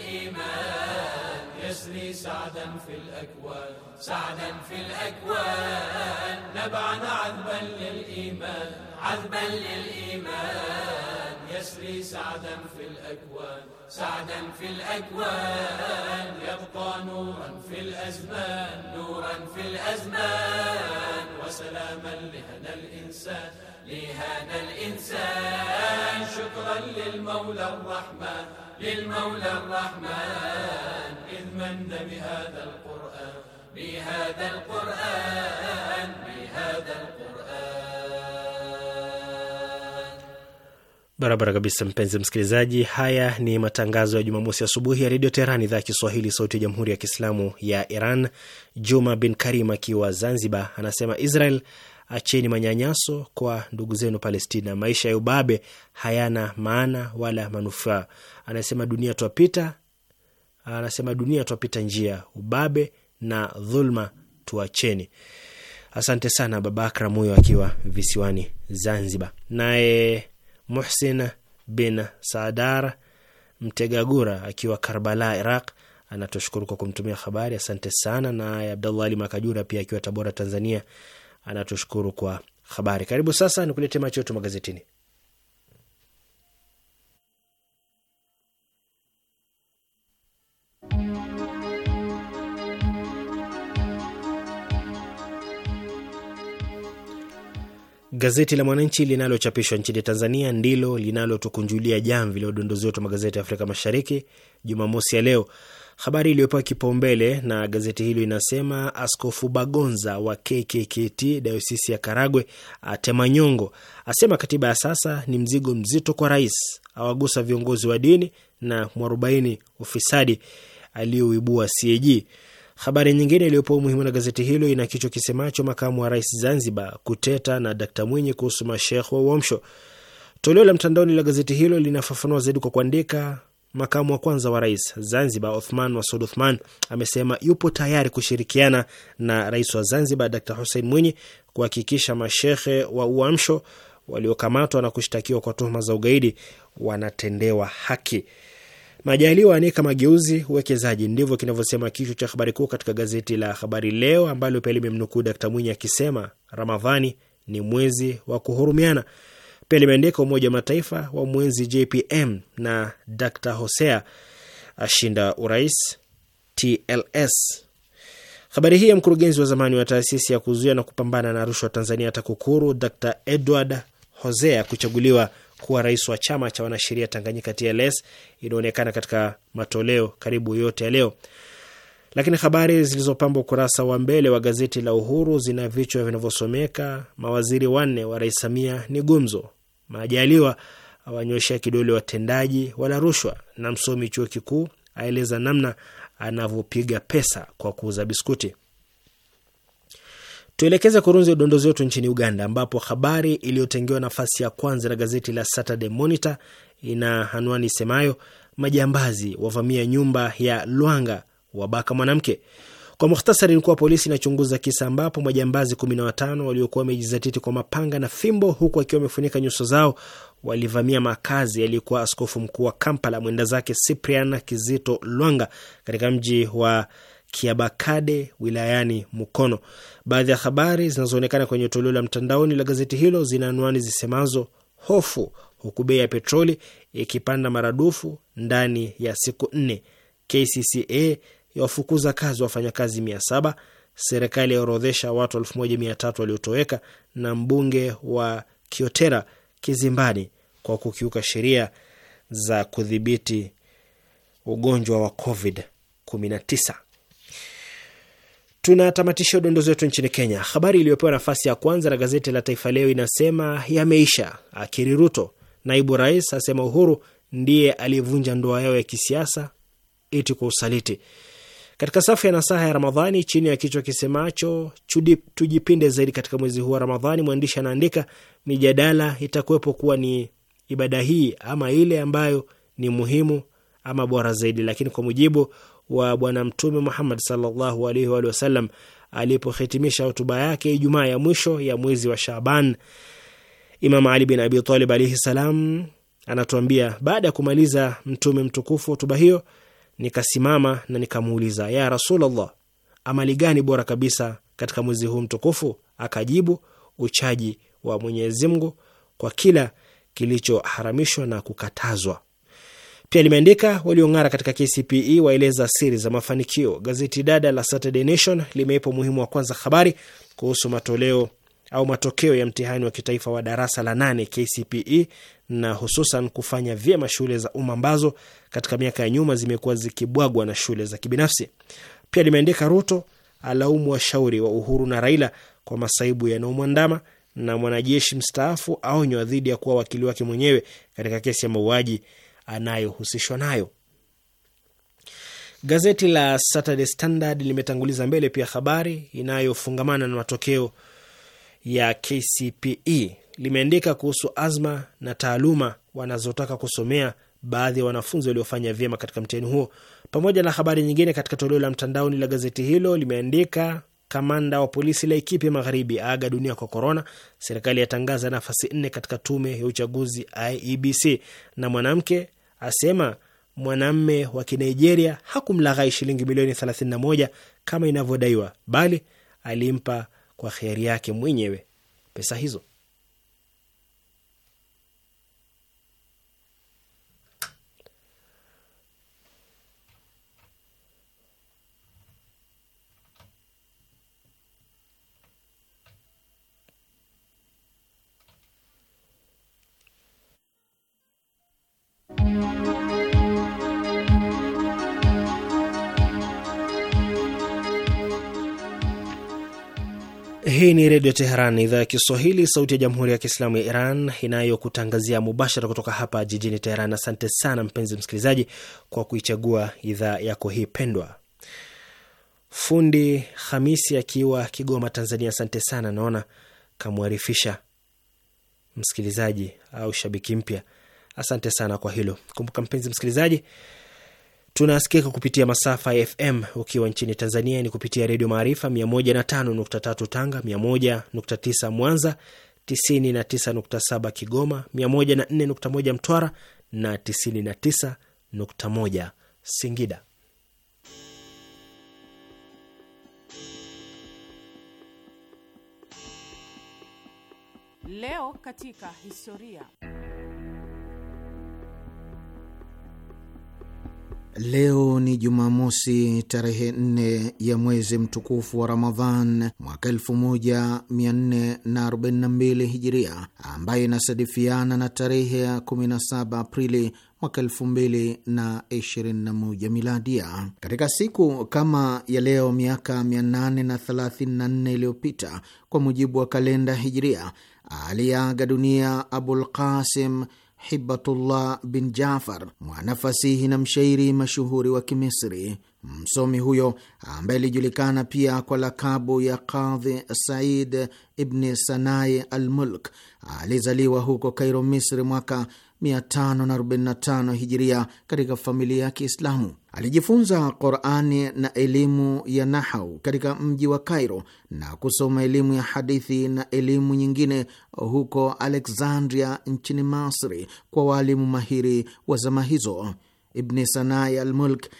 Speaker 3: سعدا في الأكوان سعدا في الأكوان نبعا عذبا للإيمان عذبا للإيمان يسري سعدا في الأكوان سعدا في الأكوان يبقى نورا في الأزمان نورا في الأزمان وسلاما لهنا الإنسان لهنا الإنسان شكرا للمولى الرحمن للمولى الرحمن إذ من بهذا القرآن بهذا القرآن
Speaker 6: بهذا
Speaker 4: barabara kabisa, mpenzi msikilizaji. Haya ni matangazo ya Jumamosi asubuhi ya Redio teheran idhaa ya Kiswahili, sauti ya Jamhuri ya Kiislamu ya Iran. Juma bin Karim akiwa Zanzibar anasema Israel Acheni manyanyaso kwa ndugu zenu Palestina. Maisha ya ubabe hayana maana wala manufaa anasema dunia twapita, anasema dunia twapita njia, ubabe na dhulma tuacheni. Asante sana baba Akram, huyo akiwa visiwani Zanzibar. Naye Muhsin bin Sadar Mtegagura akiwa Karbala, Iraq, anatushukuru kwa kumtumia habari, asante sana. Naye Abdallah Ali Makajura pia akiwa Tabora, Tanzania, anatushukuru kwa habari. Karibu sasa nikuletee macho yetu magazetini. Gazeti la Mwananchi linalochapishwa nchini Tanzania ndilo linalotukunjulia jamvi la udondozi wetu magazeti ya Afrika Mashariki Jumamosi ya leo. Habari iliyopewa kipaumbele na gazeti hilo inasema Askofu Bagonza wa KKKT dayosisi ya Karagwe atema nyongo, asema katiba ya sasa ni mzigo mzito kwa rais, awagusa viongozi wa dini na mwarobaini ufisadi aliyoibua CAG. Habari nyingine iliyopo umuhimu na gazeti hilo ina kichwa kisemacho makamu wa rais Zanzibar kuteta na Dkt Mwinyi kuhusu mashekh wa Uamsho. Toleo la mtandaoni la gazeti hilo linafafanua zaidi kwa kuandika, makamu wa kwanza wa rais Zanzibar Othman Masud Othman amesema yupo tayari kushirikiana na rais wa Zanzibar Dkt Hussein Mwinyi kuhakikisha mashekhe wa Uamsho waliokamatwa na kushtakiwa kwa tuhuma za ugaidi wanatendewa haki. Majaliwa anika mageuzi uwekezaji, ndivyo kinavyosema kichwa cha habari kuu katika gazeti la Habari Leo, ambalo pia limemnukuu Dkt Mwinyi akisema Ramadhani ni mwezi wa kuhurumiana. Pia limeandika Umoja wa Mataifa wa mwezi JPM na Dkt Hosea ashinda urais TLS. Habari hii ya mkurugenzi wa zamani wa taasisi ya kuzuia na kupambana na rushwa Tanzania TAKUKURU Dkt Edward Hosea kuchaguliwa kuwa rais wa chama cha wanasheria Tanganyika TLS inaonekana katika matoleo karibu yote ya leo, lakini habari zilizopamba ukurasa wa mbele wa gazeti la Uhuru zina vichwa vinavyosomeka mawaziri wanne wa Rais Samia ni gumzo, Majaliwa awanyoshea kidole watendaji wala rushwa, na msomi chuo kikuu aeleza namna anavyopiga pesa kwa kuuza biskuti. Tuelekeze kurunzi udondozi wetu nchini Uganda, ambapo habari iliyotengewa nafasi ya kwanza na gazeti la Saturday Monitor ina anwani semayo majambazi wavamia nyumba ya Lwanga wabaka mwanamke. Kwa muhtasari ni kuwa polisi inachunguza kisa ambapo majambazi 15 waliokuwa wamejizatiti kwa mapanga na fimbo huku wakiwa wamefunika nyuso zao walivamia makazi yaliyokuwa askofu mkuu wa Kampala mwenda zake Cyprian Kizito Lwanga katika mji wa Kiabakade wilayani Mukono. Baadhi ya habari zinazoonekana kwenye toleo la mtandaoni la gazeti hilo zina anwani zisemazo hofu huku bei ya petroli ikipanda maradufu ndani ya siku nne, KCCA yawafukuza kazi wafanyakazi mia saba, serikali yaorodhesha watu elfu moja mia tatu waliotoweka, na mbunge wa Kiotera kizimbani kwa kukiuka sheria za kudhibiti ugonjwa wa COVID 19. Tunatamatisha udondozi wetu nchini Kenya. Habari iliyopewa nafasi ya kwanza na gazeti la Taifa Leo inasema yameisha, akiri Ruto. Naibu rais asema Uhuru ndiye aliyevunja ndoa yao ya kisiasa iti kwa usaliti. Katika safu ya nasaha ya Ramadhani chini ya kichwa kisemacho tujipinde zaidi katika mwezi huu wa Ramadhani, mwandishi anaandika mijadala itakuwepo kuwa ni ibada hii ama ile ambayo ni muhimu ama bora zaidi, lakini kwa mujibu wa Bwana Mtume Muhammad sallallahu alaihi wa sallam alipohitimisha hotuba yake Ijumaa ya mwisho ya mwezi wa Shaban. Imam Ali bin Abi Talib alaihi salam anatuambia, baada ya kumaliza Mtume mtukufu hotuba hiyo, nikasimama na nikamuuliza, ya Rasulullah, amali gani bora kabisa katika mwezi huu mtukufu? Akajibu, uchaji wa Mwenyezi Mungu kwa kila kilichoharamishwa na kukatazwa. Pia limeandika waliong'ara katika KCPE waeleza siri za mafanikio. Gazeti dada la Saturday Nation limeipa umuhimu wa kwanza habari kuhusu matoleo au matokeo ya mtihani wa kitaifa wa darasa la nane KCPE na hususan kufanya vyema shule za umma ambazo katika miaka ya nyuma zimekuwa zikibwagwa na shule za kibinafsi. Pia limeandika Ruto alaumu washauri wa Uhuru na Raila kwa masaibu yanayomwandama, na mwanajeshi mstaafu aonywa dhidi ya kuwa wakili wake mwenyewe katika kesi ya mauaji anayohusishwa nayo. Gazeti la Saturday Standard limetanguliza mbele pia habari inayofungamana na matokeo ya KCPE. Limeandika kuhusu azma na taaluma wanazotaka kusomea baadhi ya wanafunzi waliofanya vyema katika mtihani huo, pamoja na habari nyingine. Katika toleo la mtandaoni la gazeti hilo limeandika Kamanda wa polisi Laikipia Magharibi aaga dunia kwa korona. Serikali yatangaza nafasi nne katika tume ya uchaguzi IEBC, na mwanamke asema mwanamme wa Kinigeria hakumlaghai shilingi milioni 31 kama inavyodaiwa, bali alimpa kwa kheri yake mwenyewe pesa hizo. Hii ni Redio Teheran, idhaa ya Kiswahili, sauti ya Jamhuri ya Kiislamu ya Iran inayokutangazia mubashara kutoka hapa jijini Teheran. Asante sana mpenzi msikilizaji kwa kuichagua idhaa yako hii pendwa. Fundi Hamisi akiwa Kigoma, Tanzania, asante sana. Naona kamwarifisha msikilizaji au shabiki mpya, asante sana kwa hilo. Kumbuka mpenzi msikilizaji Tunasikika kupitia masafa ya FM. Ukiwa nchini Tanzania ni kupitia Redio Maarifa 105.3 Tanga, 101.9 Mwanza, 99.7 Kigoma, 104.1 Mtwara na 99.1 Singida.
Speaker 7: Leo katika historia
Speaker 8: Leo ni Jumamosi, tarehe nne ya mwezi mtukufu wa Ramadhan mwaka 1442 Hijiria, ambaye inasadifiana na tarehe ya 17 Aprili mwaka 2021 Miladia. Katika siku kama ya leo miaka nne iliyopita, kwa mujibu wa kalenda Hijiria, aliaga dunia Abul Qasim Hibatullah bin Jafar, mwanafasihi na mshairi mashuhuri wa Kimisri. Msomi huyo ambaye alijulikana pia kwa lakabu ya Qadhi Said ibni Sanai al Mulk alizaliwa huko Kairo, Misri, mwaka 545 Hijiria, katika familia ya Kiislamu. Alijifunza Qurani na elimu ya nahau katika mji wa Kairo na kusoma elimu ya hadithi na elimu nyingine huko Alexandria nchini Masri kwa waalimu mahiri wa zama hizo. Ibni Sanai al-Mulk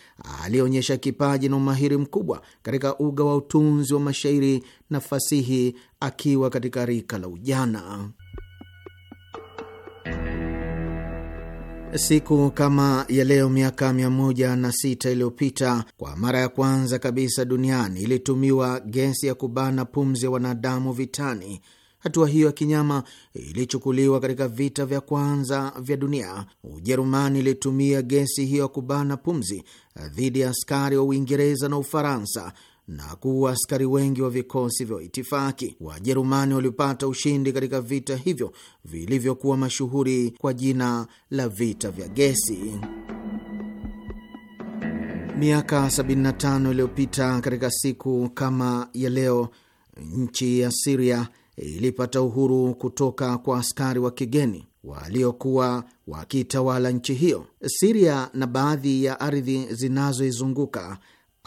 Speaker 8: alionyesha kipaji na umahiri mkubwa katika uga wa utunzi wa mashairi na fasihi akiwa katika rika la ujana. Siku kama ya leo miaka mia moja na sita iliyopita kwa mara ya kwanza kabisa duniani ilitumiwa gesi ya kubana pumzi ya wanadamu vitani. Hatua hiyo ya kinyama ilichukuliwa katika vita vya kwanza vya dunia. Ujerumani ilitumia gesi hiyo ya kubana pumzi dhidi ya askari wa Uingereza na Ufaransa na kuua askari wengi wa vikosi vya Itifaki. Wajerumani walipata ushindi katika vita hivyo vilivyokuwa mashuhuri kwa jina la vita vya gesi. Miaka 75 iliyopita katika siku kama ya leo, nchi ya Siria ilipata uhuru kutoka kwa askari wa kigeni waliokuwa wakitawala nchi hiyo. Siria na baadhi ya ardhi zinazoizunguka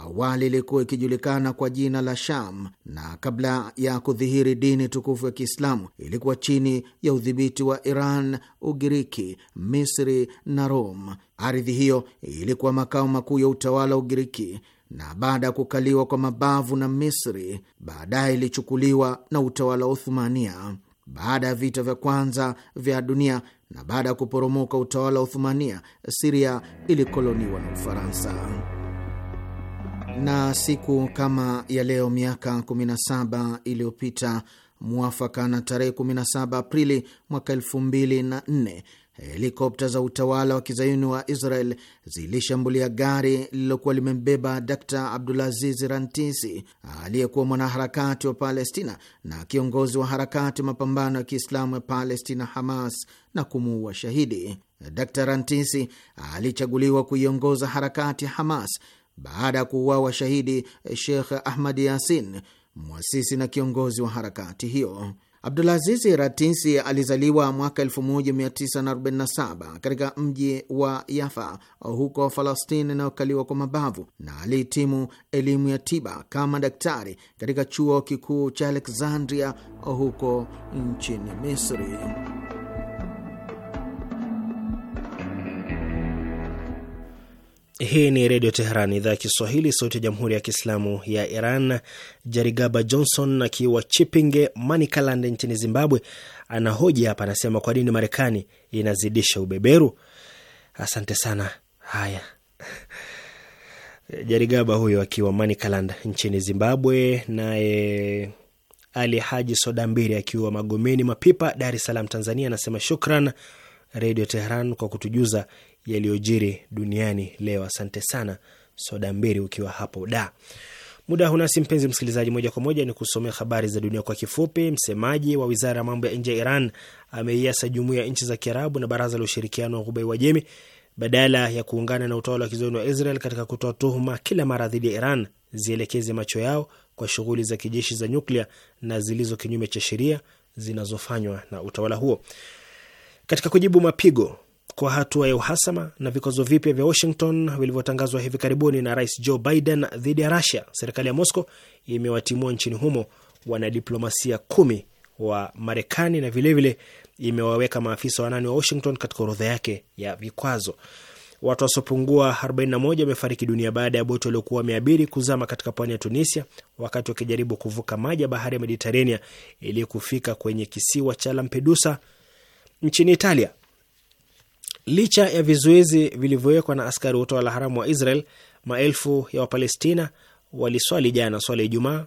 Speaker 8: awali ilikuwa ikijulikana kwa jina la Sham na kabla ya kudhihiri dini tukufu ya Kiislamu ilikuwa chini ya udhibiti wa Iran, Ugiriki, Misri na Rome. Ardhi hiyo ilikuwa makao makuu ya utawala wa Ugiriki na baada ya kukaliwa kwa mabavu na Misri, baadaye ilichukuliwa na utawala wa Uthumania. Baada ya vita vya kwanza vya dunia na baada ya kuporomoka utawala wa Uthumania, Siria ilikoloniwa na Ufaransa. Na siku kama ya leo miaka 17 iliyopita mwafaka na tarehe 17 Aprili mwaka 2004 helikopta za utawala wa kizayuni wa Israel zilishambulia gari lililokuwa limembeba Dkta Abdulaziz Rantisi aliyekuwa mwanaharakati wa Palestina na kiongozi wa harakati mapambano ya Kiislamu ya Palestina, Hamas, na kumuua shahidi. Dkta Rantisi alichaguliwa kuiongoza harakati Hamas baada ya kuuawa shahidi eh, Shekh Ahmad Yasin, mwasisi na kiongozi wa harakati hiyo. Abdulazizi Ratisi alizaliwa mwaka 1947 katika mji wa Yafa eh, huko Falastini inayokaliwa kwa mabavu, na alihitimu elimu ya tiba kama daktari katika chuo kikuu cha Alexandria eh, huko nchini Misri.
Speaker 4: Hii ni Redio Teheran, idhaa ya Kiswahili, sauti ya Jamhuri ya Kiislamu ya Iran. Jarigaba Johnson akiwa Chipinge, Manicaland nchini Zimbabwe anahoji hapa, anasema kwa nini Marekani inazidisha ubeberu? Asante sana. Haya, *laughs* Jarigaba huyo akiwa Manicaland nchini Zimbabwe. Naye Ali Haji Soda Mbiri akiwa Magomeni Mapipa, Dar es Salaam, Tanzania, anasema shukran Redio Teheran kwa kutujuza yaliyojiri duniani leo. Asante sana soda Mbiri, ukiwa hapo da. Muda hunasi mpenzi msikilizaji, moja kwa moja ni kusomea habari za dunia kwa kifupi. Msemaji wa wizara ya mambo ya nje ya Iran ameiasa jumuiya ya nchi za Kiarabu na baraza la ushirikiano wa Ghuba ya Uajemi badala ya kuungana na utawala wa kizayuni wa Israel katika kutoa tuhuma kila mara dhidi ya Iran zielekeze macho yao kwa shughuli za kijeshi za nyuklia na zilizo kinyume cha sheria zinazofanywa na utawala huo. Katika kujibu mapigo, kwa hatua ya uhasama na vikwazo vipya vya Washington vilivyotangazwa hivi karibuni na Rais Joe Biden dhidi ya Russia, serikali ya Moscow imewatimua nchini humo wanadiplomasia kumi wa Marekani na vilevile imewaweka maafisa wanane wa Washington katika orodha yake ya vikwazo. Watu wasiopungua 41 wamefariki dunia baada ya boti waliokuwa wameabiri kuzama katika pwani ya Tunisia wakati wakijaribu kuvuka maji ya bahari ya Mediterania ili kufika kwenye kisiwa cha Lampedusa nchini Italia. Licha ya vizuizi vilivyowekwa na askari wa utawala haramu wa Israel, maelfu ya Wapalestina waliswali jana swala ya Ijumaa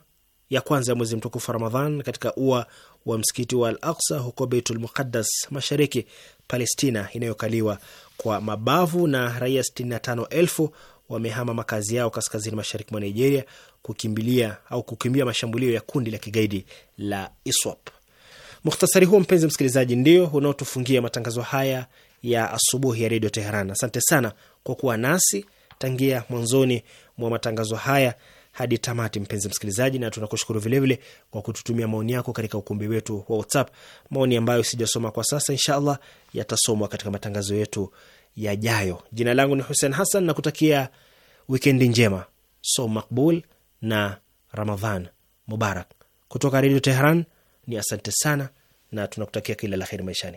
Speaker 4: ya kwanza ya mwezi mtukufu wa Ramadhan katika ua wa msikiti wa Al Aksa huko Beitul Muqaddas, mashariki Palestina inayokaliwa kwa mabavu, na raia 65,000 wamehama makazi yao kaskazini mashariki mwa Nigeria kukimbilia au kukimbia mashambulio ya kundi la kigaidi la ISWAP. Mukhtasari huo mpenzi msikilizaji, ndio unaotufungia matangazo haya ya asubuhi ya redio Teheran. Asante sana kwa kuwa nasi tangia mwanzoni mwa matangazo haya hadi tamati, mpenzi msikilizaji, na tunakushukuru vilevile kwa kututumia maoni yako katika ukumbi wetu wa WhatsApp, maoni ambayo sijasoma kwa sasa, inshallah yatasomwa katika matangazo yetu yajayo. Jina langu ni Hussein Hassan na kutakia wikendi njema, so makbul na Ramadhan mubarak kutoka redio Teheran Ni asante sana na tunakutakia kila la heri maishani.